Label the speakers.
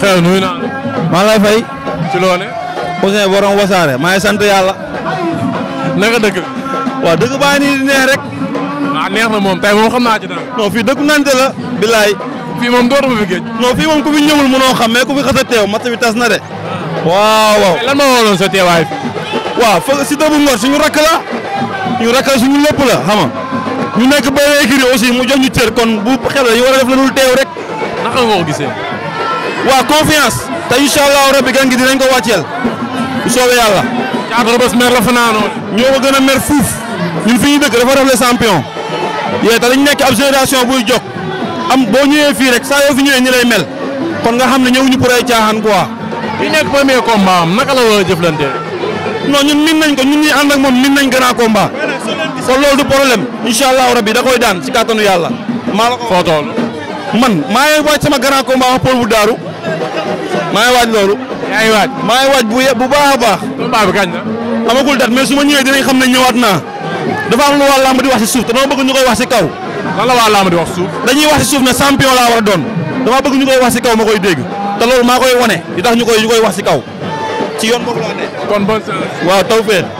Speaker 1: xew nuyu naa maa lay fay. ci loone Ouzin borom wasaare maa ngi sant yàlla. naka dëkk. waaw dëkk baa nii neex rek. Ah, neex na moom tey moom xam naa ci dara. non fii dëkku nante la. bilaay. fii moom dootuma fi géej. non fii moom ku fi ñëwul mënoo xam mais ku fi xas a teew mat bi tas na de. waaw waaw si dëbu ngor suñu rakk la. ñu rakk la suñu lépp la xam ñu nekk ba écurie aussi mu jox ñu kon bu xel la ñu war a def teew rek. naka nga ko gisee. waa confiance te incha allahu rabbi gan gi dinañ ko wàcceel bu soobee yàlla. Thiatou Rebeuss mer la fanaanoo. ñoo ko gën a mer fuuf ñun fi ñu dëkk dafa def le champion. yee te dañ nekk ab génération buy jok am boo ñëwee fii rek saa yoo fi ñëwee ñu lay mel kon nga xam ne ñëwuñu pour ay caaxaan quoi. bi nekk premier combat naka la war a jëflante. non ñun min nañ ko ñun ñi ànd moom min nañ grand combat. kon loolu du problème incha allahu rabbi da daan yàlla. maa la ko foo toll man maa maa ngi waaj loolu. yaa ngi waaj maa ngi waaj bu bu baax a baax. combat bi kañ la. amagul dat mais su ma ñëwee dinañ xam ne ñëwaat naa. dafa am lu waa làmb di wax si suuf te dama bëgg ñu koy wax si kaw. lan la waa làmb di wax suuf. dañuy wax si suuf ne champion laa war doon. dama bëgg ñu koy wax si kaw ma koy dégg.
Speaker 2: te loolu maa koy wane li tax ñu koy ñu koy wax si kaw. ci yoon boobu laa ne. kon taw feeñ.